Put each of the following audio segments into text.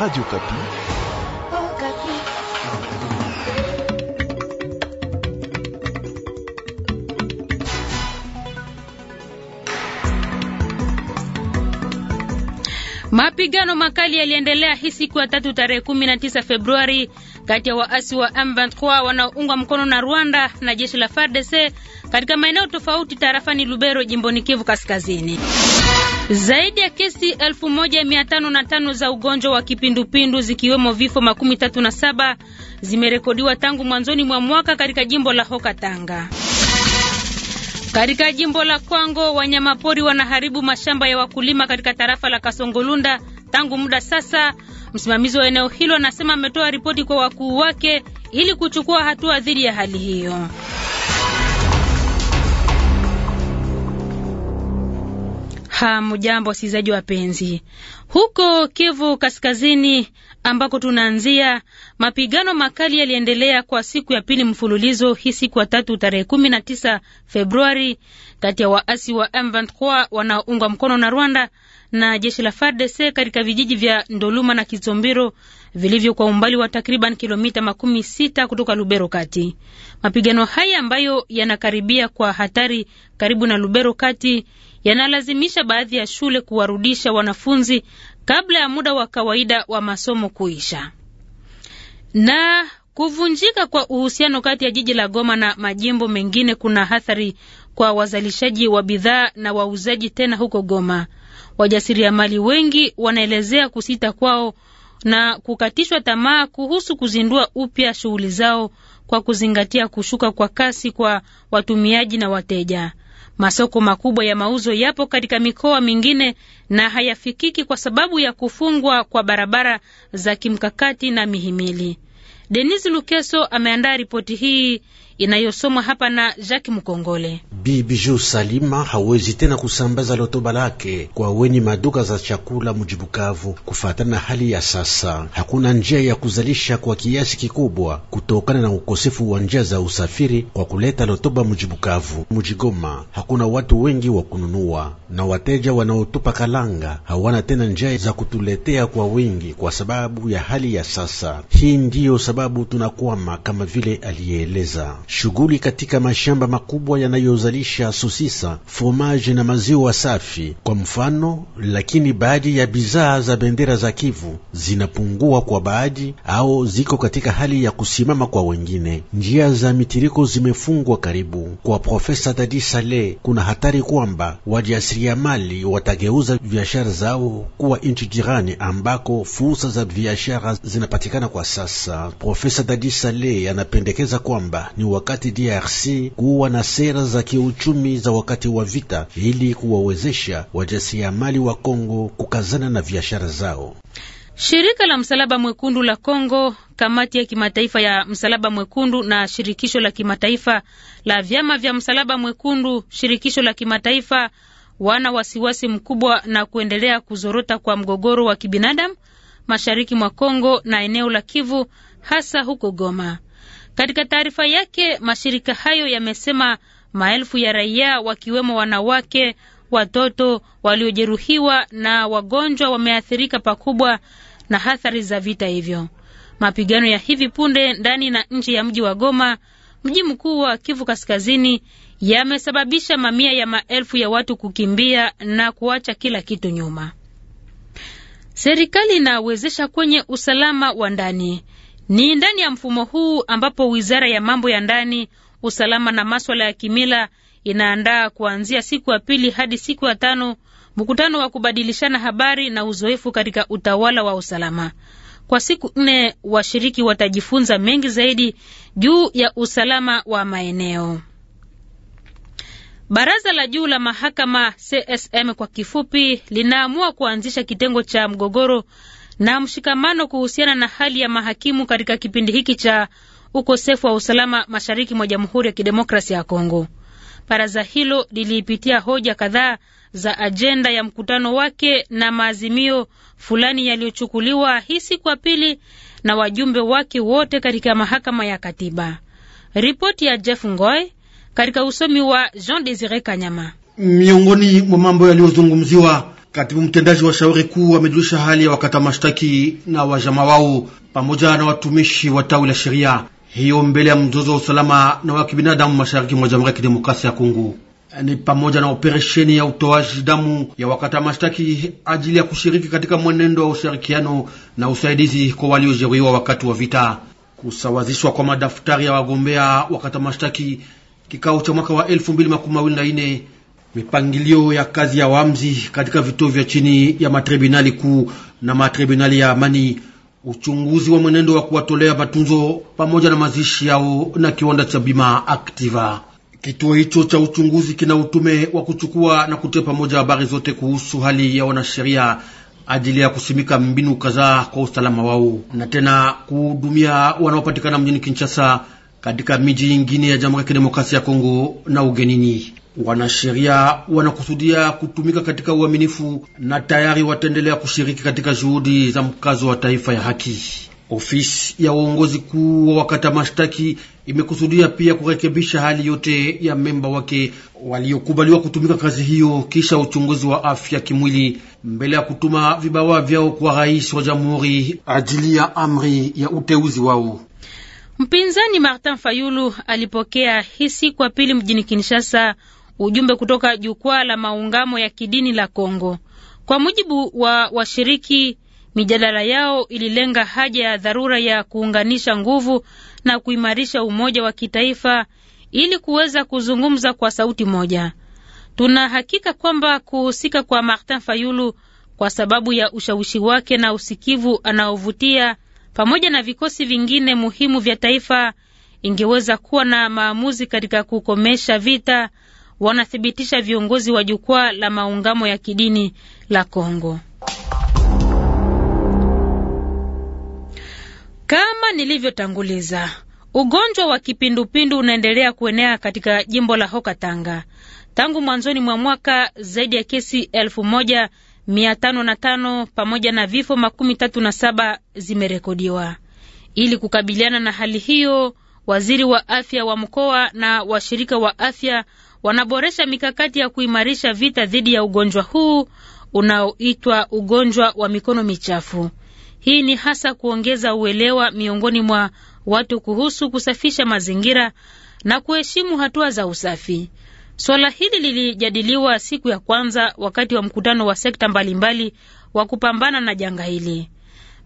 Radio Kapi. Oh, Kapi. Mapigano makali yaliendelea hii siku ya tatu tarehe 19 Februari kati ya waasi wa M23 wanaoungwa mkono na Rwanda na jeshi la FARDC katika maeneo tofauti tarafani Lubero jimboni Kivu Kaskazini. Zaidi ya kesi 1155 za ugonjwa wa kipindupindu zikiwemo vifo makumi zimerekodiwa tangu mwanzoni mwa mwaka katika jimbo la Hoka Tanga. Katika jimbo la Kwango wanyamapori wanaharibu mashamba ya wakulima katika tarafa la Kasongolunda tangu muda sasa. Msimamizi wa eneo hilo anasema ametoa ripoti kwa wakuu wake ili kuchukua hatua dhidi ya hali hiyo. Hamjambo wasikilizaji wapenzi. Huko Kivu Kaskazini ambako tunaanzia, mapigano makali yaliendelea kwa siku ya pili mfululizo hii siku ya tatu tarehe kumi na tisa Februari kati ya waasi wa M23 wanaoungwa mkono na Rwanda na jeshi la FARDC katika vijiji vya Ndoluma na Kizombiro vilivyo kwa umbali wa takriban kilomita makumi sita kutoka Lubero kati. Mapigano haya ambayo yanakaribia kwa hatari karibu na Lubero kati yanalazimisha baadhi ya shule kuwarudisha wanafunzi kabla ya muda wa kawaida wa masomo kuisha. Na kuvunjika kwa uhusiano kati ya jiji la Goma na majimbo mengine kuna athari kwa wazalishaji wa bidhaa na wauzaji tena huko Goma. Wajasiriamali wengi wanaelezea kusita kwao na kukatishwa tamaa kuhusu kuzindua upya shughuli zao kwa kuzingatia kushuka kwa kasi kwa watumiaji na wateja. Masoko makubwa ya mauzo yapo katika mikoa mingine na hayafikiki kwa sababu ya kufungwa kwa barabara za kimkakati na mihimili. Denis Lukeso ameandaa ripoti hii inayosomwa hapa na Jacques Mukongole. Bibiju Salima hawezi tena kusambaza lotoba lake kwa wenye maduka za chakula mujibukavu. Kufatana na hali ya sasa, hakuna njia ya kuzalisha kwa kiasi kikubwa kutokana na ukosefu wa njia za usafiri kwa kuleta lotoba mujibukavu. Mujigoma hakuna watu wengi wa kununua, na wateja wanaotupa kalanga hawana tena njia za kutuletea kwa wingi kwa sababu ya hali ya sasa. Hii ndiyo sababu tunakwama, kama vile aliyeeleza Shughuli katika mashamba makubwa yanayozalisha sosisa, fomaji na maziwa safi kwa mfano, lakini baadhi ya bidhaa za bendera za Kivu zinapungua kwa baadhi au ziko katika hali ya kusimama kwa wengine. Njia za mitiriko zimefungwa karibu. Kwa Profesa Dadi Saleh, kuna hatari kwamba wajasiriamali watageuza biashara zao kuwa nchi jirani ambako fursa za biashara zinapatikana kwa sasa. Profesa Dadi Saleh anapendekeza kwamba ni wakati DRC kuwa na sera za kiuchumi za wakati wa vita ili kuwawezesha wajasiriamali wa Kongo kukazana na biashara zao. Shirika la Msalaba Mwekundu la Kongo, kamati ya kimataifa ya Msalaba Mwekundu na shirikisho la kimataifa la vyama vya Msalaba Mwekundu, shirikisho la kimataifa, wana wasiwasi mkubwa na kuendelea kuzorota kwa mgogoro wa kibinadamu mashariki mwa Kongo na eneo la Kivu, hasa huko Goma. Katika taarifa yake, mashirika hayo yamesema maelfu ya raia wakiwemo wanawake, watoto waliojeruhiwa na wagonjwa wameathirika pakubwa na athari za vita hivyo. Mapigano ya hivi punde ndani na nje ya mji wa Goma, mji mkuu wa Kivu Kaskazini, yamesababisha mamia ya maelfu ya watu kukimbia na kuacha kila kitu nyuma. Serikali inawezesha kwenye usalama wa ndani. Ni ndani ya mfumo huu ambapo wizara ya mambo ya ndani, usalama na maswala ya kimila inaandaa kuanzia siku ya pili hadi siku ya tano mkutano wa kubadilishana habari na uzoefu katika utawala wa usalama. Kwa siku nne, washiriki watajifunza mengi zaidi juu ya usalama wa maeneo. Baraza la juu la mahakama CSM kwa kifupi, linaamua kuanzisha kitengo cha mgogoro na mshikamano kuhusiana na hali ya mahakimu katika kipindi hiki cha ukosefu wa usalama mashariki mwa Jamhuri ya Kidemokrasia ya Kongo. Baraza hilo liliipitia hoja kadhaa za ajenda ya mkutano wake na maazimio fulani yaliyochukuliwa hii siku ya pili na wajumbe wake wote katika mahakama ya katiba. Ripoti ya Jeff Ngoy katika usomi wa Jean Desire Kanyama. Miongoni mwa mambo yaliyozungumziwa Katibu mtendaji wa shauri kuu amejulisha hali ya wakata mashtaki na wajama wao pamoja na watumishi wa tawi la sheria hiyo mbele ya mzozo wa usalama na wa kibinadamu mashariki mwa Jamhuri ya Kidemokrasia ya Kongo ni pamoja na operesheni ya utoaji damu ya wakata mashtaki ajili ya kushiriki katika mwenendo wa ushirikiano na usaidizi kwa waliojeruhiwa wakati wa vita, kusawazishwa kwa madaftari ya wagombea wakata mashtaki, kikao cha mwaka wa 2024 Mipangilio ya kazi ya wamzi katika vituo vya chini ya matribunali kuu na matribunali ya amani, uchunguzi wa mwenendo wa kuwatolea matunzo pamoja na mazishi yao na kiwanda cha bima Activa. Kituo hicho cha uchunguzi kina utume wa kuchukua na kutia pamoja habari zote kuhusu hali ya wanasheria ajili ya kusimika mbinu kadhaa kwa usalama wao na tena kuhudumia wanaopatikana mjini Kinshasa, katika miji yingine ya Jamhuri ya Kidemokrasia ya Kongo na ugenini. Wanasheria wanakusudia kutumika katika uaminifu na tayari wataendelea kushiriki katika juhudi za mkazo wa taifa ya haki. Ofisi ya uongozi kuu wa wakata mashtaki imekusudia pia kurekebisha hali yote ya memba wake waliokubaliwa kutumika kazi hiyo kisha uchunguzi wa afya kimwili mbele ya kutuma vibawa vyao kwa rais wa jamhuri ajili ya amri ya uteuzi wao. Mpinzani Martin Fayulu alipokea hii siku ya pili mjini Kinshasa Ujumbe kutoka jukwaa la maungamo ya kidini la Kongo. Kwa mujibu wa washiriki, mijadala yao ililenga haja ya dharura ya kuunganisha nguvu na kuimarisha umoja wa kitaifa ili kuweza kuzungumza kwa sauti moja. Tuna hakika kwamba kuhusika kwa Martin Fayulu kwa sababu ya ushawishi wake na usikivu anaovutia pamoja na vikosi vingine muhimu vya taifa ingeweza kuwa na maamuzi katika kukomesha vita wanathibitisha viongozi wa jukwaa la maungamo ya kidini la Kongo. Kama nilivyotanguliza, ugonjwa wa kipindupindu unaendelea kuenea katika jimbo la hokatanga Tangu mwanzoni mwa mwaka zaidi ya kesi elfu moja mia tano na tano pamoja na vifo makumi tatu na saba zimerekodiwa. Ili kukabiliana na hali hiyo, waziri wa afya wa mkoa na washirika wa afya wanaboresha mikakati ya kuimarisha vita dhidi ya ugonjwa huu unaoitwa ugonjwa wa mikono michafu. Hii ni hasa kuongeza uelewa miongoni mwa watu kuhusu kusafisha mazingira na kuheshimu hatua za usafi. Swala hili lilijadiliwa siku ya kwanza wakati wa mkutano wa sekta mbalimbali wa kupambana na janga hili.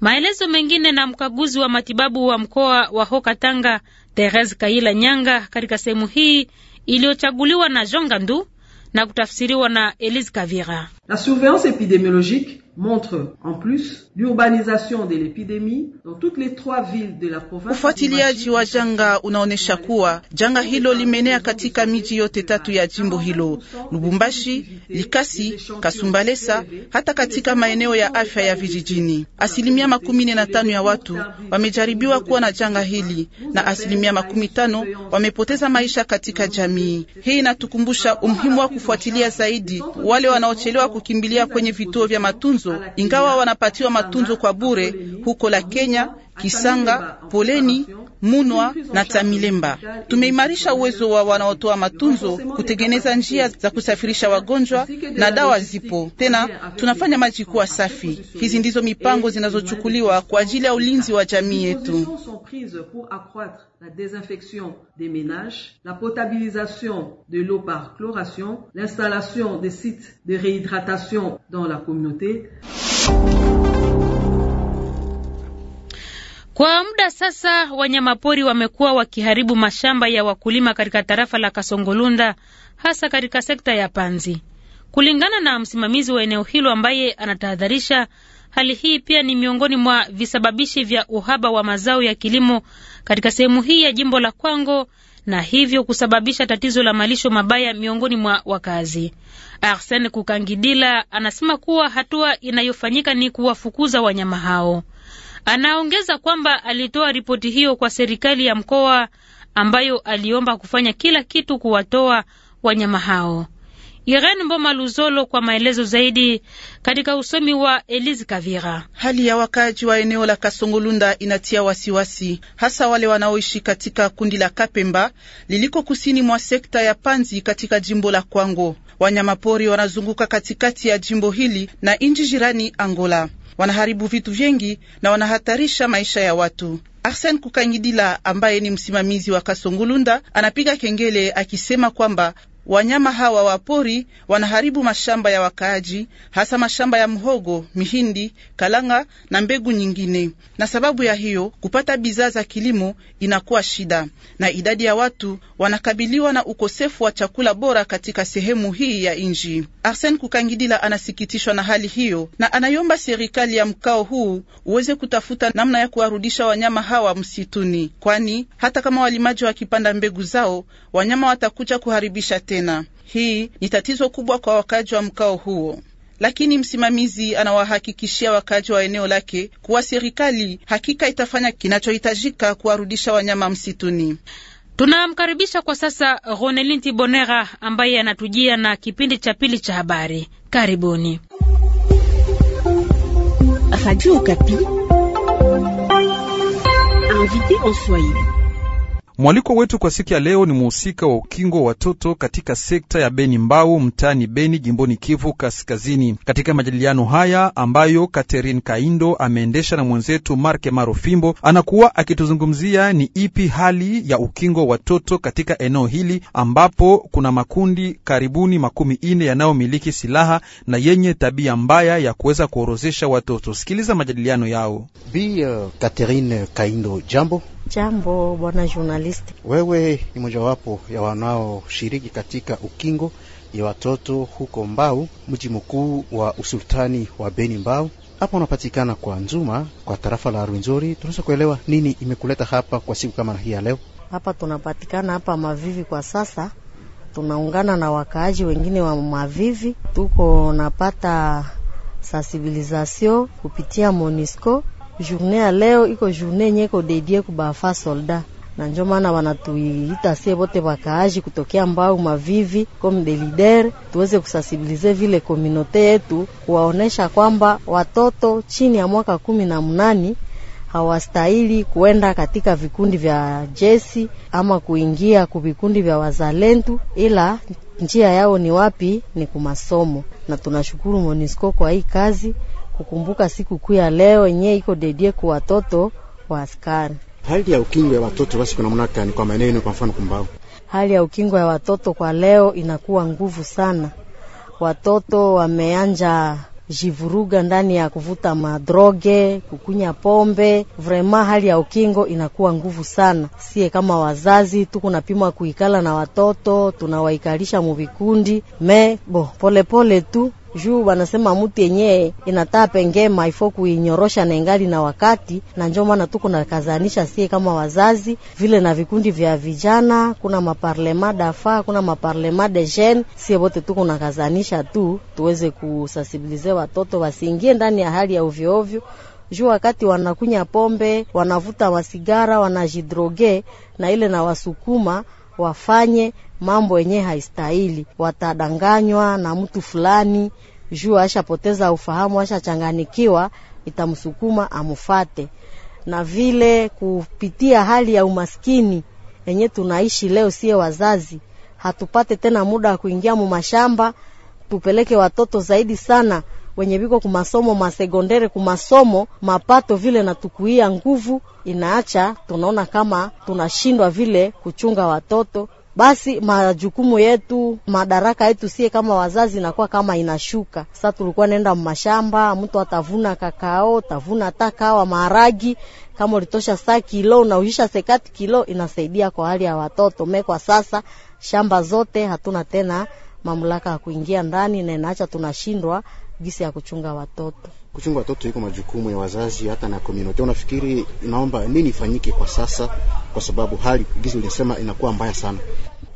Maelezo mengine na mkaguzi wa matibabu wa mkoa wa hokatanga teres Therese Kaila Nyanga katika sehemu hii iliyochaguliwa na Jean Gandu na kutafsiriwa na Elise Kavira. La surveillance epidemiologique montre en plus l'urbanisation de l'épidémie dans toutes les trois villes de la province. Ufuatiliaji wa janga unaonyesha kuwa janga hilo limenea katika miji yote tatu ya jimbo hilo, Lubumbashi, Likasi, Kasumbalesa, hata katika maeneo ya afya ya vijijini. Asilimia makumi nne na tano ya watu wamejaribiwa kuwa na janga hili na asilimia makumi tano wamepoteza maisha katika jamii. Hii inatukumbusha umuhimu wa kufuatilia zaidi wale wanaochelewa kukimbilia kwenye vituo vya matunzo matunzo, ingawa wanapatiwa matunzo kwa bure huko la Kenya Kisanga, Poleni, Munwa na Tamilemba. Tumeimarisha uwezo wa wanaotoa matunzo kutengeneza njia za kusafirisha wagonjwa na dawa zipo tena, tunafanya maji kuwa safi. Hizi ndizo mipango zinazochukuliwa kwa ajili ya ulinzi wa jamii yetu. La désinfection des ménages, la potabilisation de l'eau par chloration, l'installation des sites de réhydratation dans la communauté. Kwa muda sasa wanyamapori wamekuwa wakiharibu mashamba ya wakulima katika tarafa la Kasongolunda, hasa katika sekta ya Panzi. Kulingana na msimamizi wa eneo hilo ambaye anatahadharisha, hali hii pia ni miongoni mwa visababishi vya uhaba wa mazao ya kilimo katika sehemu hii ya jimbo la Kwango na hivyo kusababisha tatizo la malisho mabaya miongoni mwa wakazi. arsen Kukangidila anasema kuwa hatua inayofanyika ni kuwafukuza wanyama hao. Anaongeza kwamba alitoa ripoti hiyo kwa serikali ya mkoa ambayo aliomba kufanya kila kitu kuwatoa wanyama hao. Irene Mboma Luzolo kwa maelezo zaidi katika usomi wa Elise Kavira. Hali ya wakaaji wa eneo la Kasongolunda inatia wasiwasi wasi, hasa wale wanaoishi katika kundi la Kapemba liliko kusini mwa sekta ya Panzi katika jimbo la Kwango. Wanyamapori wanazunguka katikati ya jimbo hili na nchi jirani Angola, wanaharibu vitu vyengi na wanahatarisha maisha ya watu. Arsen Kukangidila ambaye ni msimamizi wa Kasongulunda anapiga kengele akisema kwamba Wanyama hawa wa pori wanaharibu mashamba ya wakaaji, hasa mashamba ya mhogo, mihindi, kalanga na mbegu nyingine, na sababu ya hiyo kupata bidhaa za kilimo inakuwa shida, na idadi ya watu wanakabiliwa na ukosefu wa chakula bora katika sehemu hii ya nchi. Arsen Kukangidila anasikitishwa na hali hiyo na anayomba serikali ya mkao huu uweze kutafuta namna ya kuwarudisha wanyama hawa msituni, kwani hata kama walimaji wakipanda mbegu zao, wanyama watakuja kuharibisha te tena. Hii ni tatizo kubwa kwa wakaji wa mkao huo, lakini msimamizi anawahakikishia wakaji wa eneo lake kuwa serikali hakika itafanya kinachohitajika kuwarudisha wanyama msituni. Tunamkaribisha kwa sasa Ronelinti Bonera ambaye anatujia na kipindi cha pili cha habari. Karibuni. Radio Okapi. Mwaliko wetu kwa siku ya leo ni muhusika wa ukingo wa watoto katika sekta ya Beni Mbau, mtaani Beni, jimboni Kivu Kaskazini. Katika majadiliano haya ambayo Catherine Kaindo ameendesha na mwenzetu Marke Marofimbo, anakuwa akituzungumzia ni ipi hali ya ukingo wa watoto katika eneo hili ambapo kuna makundi karibuni makumi ine yanayomiliki silaha na yenye tabia mbaya ya kuweza kuorozesha watoto. Sikiliza majadiliano yao. Bi uh, Catherine Kaindo, jambo. Jambo bwana journalist wewe ni mojawapo ya wanaoshiriki katika ukingo ya watoto huko Mbau, mji mkuu wa usultani wa Beni. Mbau hapa unapatikana kwa Nzuma, kwa tarafa la Rwenzori. Tunaweza kuelewa nini imekuleta hapa kwa siku kama hii ya leo? Hapa tunapatikana hapa Mavivi kwa sasa, tunaungana na wakaaji wengine wa Mavivi, tuko napata sensibilisation kupitia Monisco Journée ya leo iko journée yenye iko dedie kubafa soldat na njo maana wanatuita sie bote wakaaji kutokea mbao Mavivi comme de leader, tuweze kusensibilize vile komunote yetu, kuwaonesha kwamba watoto chini ya mwaka kumi na mnani hawastahili kuenda katika vikundi vya jesi ama kuingia kuvikundi vya wazalentu ila njia yao ni wapi? Ni kumasomo. Na tunashukuru Monisco kwa hii kazi kukumbuka siku kuu ya leo yenye iko dedie kwa watoto wa askari. Hali ya ukingo ya watoto basi kuna mnaka ni kwa maeneo, kwa mfano kumbao. Hali ya ukingo ya watoto kwa leo inakuwa nguvu sana, watoto wameanja jivuruga ndani ya kuvuta madroge, kukunya pombe. Vrema hali ya ukingo inakuwa nguvu sana. Sie kama wazazi tuko pima kuikala na watoto, tunawaikalisha muvikundi me bo polepole pole tu juu wanasema mtu yenyewe inataa pengema ifo kuinyorosha na ingali na wakati, na njo maana tuko na kazanisha sie kama wazazi vile na vikundi vya vijana, kuna maparlema dafa, kuna maparlema de jeune, sie wote tuko na kazanisha tu tuweze kusasibilize watoto wasiingie ndani ya hali ya ovyoovyo juu wakati wanakunya pombe, wanavuta masigara, wanajidroge na ile na wasukuma wafanye mambo yenye haistahili, watadanganywa na mtu fulani juu ashapoteza ufahamu, ashachanganikiwa, itamsukuma amufate. Na vile kupitia hali ya umaskini yenye tunaishi leo, sie wazazi hatupate tena muda wa kuingia mumashamba, tupeleke watoto zaidi sana wenye viko kumasomo masegondere kumasomo mapato vile natukuia nguvu inaacha, tunaona kama tunashindwa vile kuchunga watoto basi majukumu yetu madaraka yetu sie kama wazazi nakuwa kama inashuka. Sasa tulikuwa nenda mashamba, mtu atavuna kakao, tavuna hata kawa maharagi, kama ulitosha saa kilo na sekati kilo, inasaidia kwa hali ya watoto me. Kwa sasa shamba zote hatuna tena mamlaka ya kuingia ndani, na inaacha tunashindwa gisi ya kuchunga watoto kuchunga watoto iko majukumu ya wazazi hata na community. Unafikiri inaomba nini ifanyike kwa sasa, kwa sababu hali gizi ulisema inakuwa mbaya sana?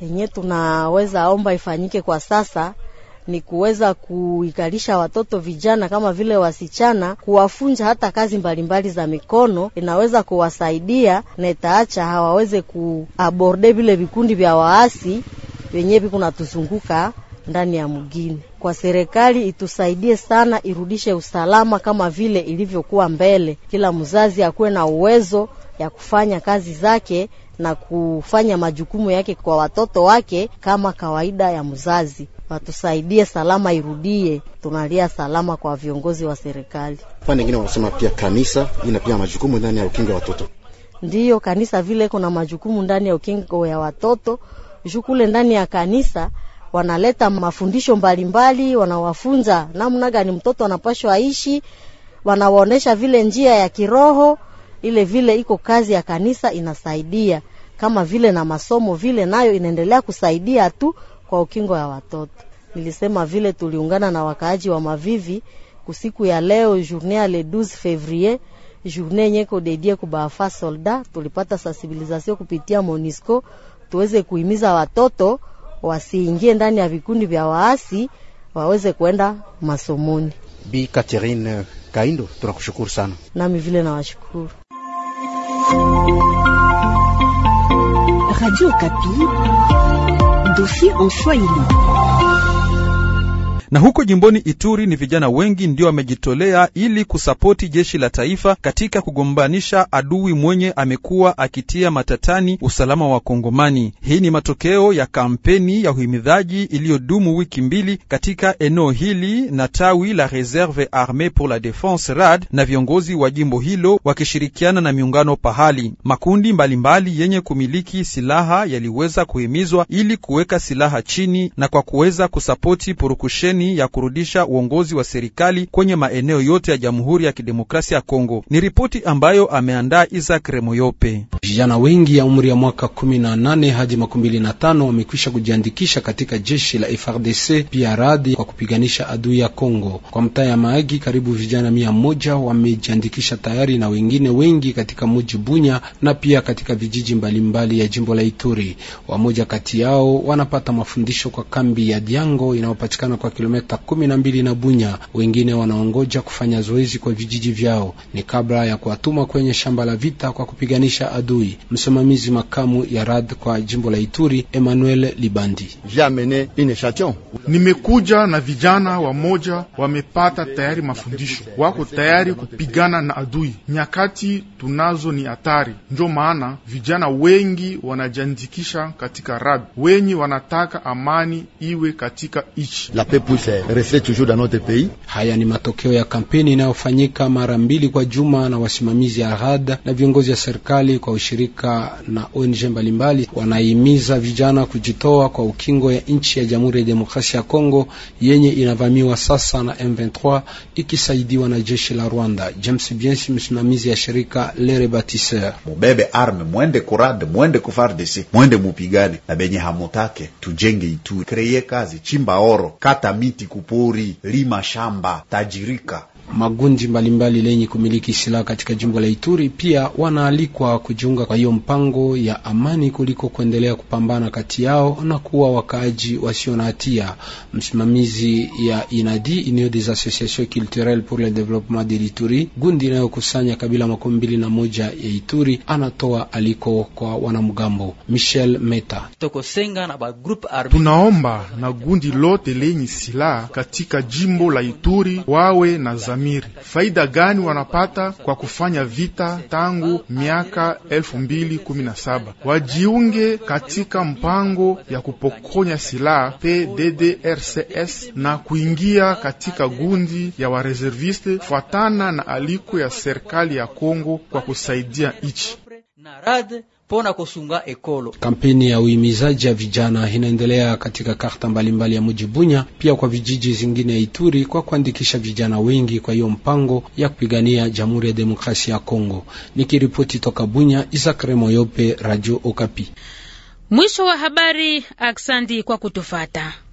Yenye tunaweza omba ifanyike kwa sasa ni kuweza kuikalisha watoto vijana kama vile wasichana, kuwafunja hata kazi mbalimbali za mikono, inaweza kuwasaidia na itaacha hawaweze kuaborde vile vikundi vya waasi vyenyewe vikunatuzunguka ndani ya mgini kwa serikali itusaidie sana, irudishe usalama kama vile ilivyokuwa mbele. Kila mzazi akuwe na uwezo ya kufanya kazi zake na kufanya majukumu yake kwa watoto wake kama kawaida ya mzazi. Watusaidie salama irudie, tunalia salama kwa viongozi wa serikali. Pande nyingine wanasema pia kanisa ina pia majukumu ndani ya ukingo wa watoto. Ndiyo, kanisa vile kuna majukumu ndani ya ukingo ya watoto juu kule ndani ya kanisa wanaleta mafundisho mbalimbali, wanawafunza namna gani mtoto anapashwa aishi, wanawaonesha vile njia ya kiroho ile vile iko kazi ya kanisa inasaidia kama vile na masomo vile nayo inaendelea kusaidia tu kwa ukingo ya watoto. Nilisema vile tuliungana na wakaaji wa Mavivi kusiku ya leo journée le 12 février journée yenyeko dedie kubaafa solda, tulipata sensibilizasio kupitia Monisco tuweze kuhimiza watoto wasiingie ndani ya vikundi vya waasi, waweze kwenda masomoni. Bi Catherine Kaindo, tunakushukuru sana. Nami vile nawashukuru. Radio Kapi, dossier en Swahili. Na huko jimboni Ituri ni vijana wengi ndio wamejitolea ili kusapoti jeshi la taifa katika kugombanisha adui mwenye amekuwa akitia matatani usalama wa Kongomani. Hii ni matokeo ya kampeni ya uhimidhaji iliyodumu wiki mbili katika eneo hili na tawi la Reserve Armee pour la Defense RAD na viongozi wa jimbo hilo wakishirikiana na miungano pahali. Makundi mbalimbali mbali yenye kumiliki silaha yaliweza kuhimizwa ili kuweka silaha chini na kwa kuweza kusapoti purukusheni rasmi ya kurudisha uongozi wa serikali kwenye maeneo yote ya Jamhuri ya Kidemokrasia ya Kongo. Ni ripoti ambayo ameandaa isak Remoyope. Vijana wengi ya umri ya mwaka 18 hadi 25 wamekwisha kujiandikisha katika jeshi la FRDC pia radi kwa kupiganisha adui ya Kongo. Kwa mtaa ya Maagi, karibu vijana mia moja wamejiandikisha tayari na wengine wengi katika muji Bunya na pia katika vijiji mbalimbali mbali ya jimbo la Ituri. Wamoja kati yao wanapata mafundisho kwa kambi ya Diango inayopatikana kwa kilo kilomita kumi na mbili na Bunya. Wengine wanaongoja kufanya zoezi kwa vijiji vyao, ni kabla ya kuwatuma kwenye shamba la vita kwa kupiganisha adui. Msimamizi makamu ya RAD kwa jimbo la Ituri, Emmanuel Libandi: nimekuja na vijana wamoja, wamepata tayari mafundisho, wako tayari kupigana na adui. Nyakati tunazo ni hatari, njo maana vijana wengi wanajiandikisha katika RAD, wenye wanataka amani iwe katika ichi la pepu puisse rester toujours dans notre pays. Haya ni matokeo ya kampeni inayofanyika mara mbili kwa juma na wasimamizi ya RAD na viongozi ya serikali kwa ushirika na ONG mbalimbali, wanahimiza vijana kujitoa kwa ukingo ya nchi ya Jamhuri ya Demokrasia ya Kongo yenye inavamiwa sasa na M23 ikisaidiwa na jeshi la Rwanda. James Biensi, msimamizi ya shirika Lere Batisseur: mubebe arme, mwende kurad, mwende kufardisi, mwende mupigane na benye hamutake, tujenge Ituri, kreye kazi, chimba oro, kata miti kupori, lima shamba, tajirika magundi mbalimbali lenye kumiliki silaha katika jimbo la Ituri pia wanaalikwa kujiunga kwa hiyo mpango ya amani kuliko kuendelea kupambana kati yao na kuwa wakaaji wasio na hatia. Msimamizi ya inadi Union des Associations Culturelles pour le Développement de l'Ituri, gundi inayokusanya kabila makumi mbili na moja ya Ituri, anatoa aliko kwa wanamgambo. Michel Meta: tunaomba na gundi lote lenye silaha katika jimbo la Ituri wawe na za dhamiri. Faida gani wanapata kwa kufanya vita tangu miaka 217 Wajiunge katika mpango ya kupokonya silaha PDDRCS na kuingia katika gundi ya wareserviste, fuatana na aliko ya serikali ya Kongo kwa kusaidia ichi pona kosunga ekolo. Kampeni ya uhimizaji ya vijana inaendelea katika karta mbalimbali ya mji Bunya, pia kwa vijiji zingine ya Ituri kwa kuandikisha vijana wengi kwa hiyo mpango ya kupigania Jamhuri ya Demokrasia ya Kongo. Nikiripoti toka Bunya, Isaac Remoyope, Radio Okapi. Mwisho wa habari. Aksandi kwa kutufata.